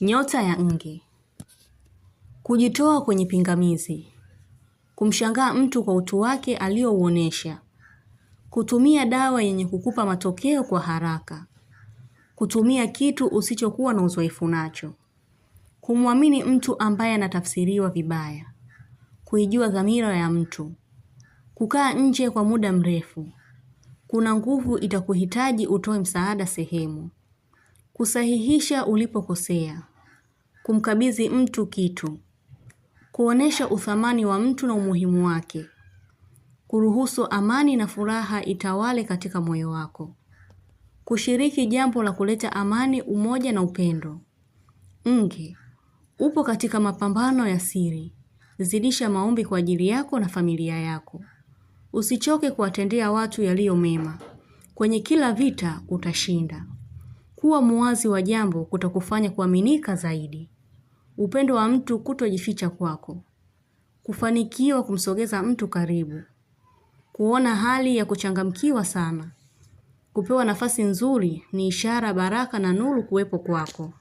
Nyota ya nge: kujitoa kwenye pingamizi, kumshangaa mtu kwa utu wake aliouonesha, kutumia dawa yenye kukupa matokeo kwa haraka, kutumia kitu usichokuwa na uzoefu nacho, kumwamini mtu ambaye anatafsiriwa vibaya, kuijua dhamira ya mtu, kukaa nje kwa muda mrefu. Kuna nguvu itakuhitaji utoe msaada sehemu kusahihisha ulipokosea, kumkabidhi mtu kitu, kuonesha uthamani wa mtu na umuhimu wake, kuruhusu amani na furaha itawale katika moyo wako, kushiriki jambo la kuleta amani, umoja na upendo. Nge, upo katika mapambano ya siri. Zidisha maombi kwa ajili yako na familia yako. Usichoke kuwatendea watu yaliyo mema. Kwenye kila vita utashinda. Kuwa muwazi wa jambo kutakufanya kuaminika zaidi. Upendo wa mtu kutojificha kwako. Kufanikiwa kumsogeza mtu karibu. Kuona hali ya kuchangamkiwa sana. Kupewa nafasi nzuri ni ishara baraka na nuru kuwepo kwako.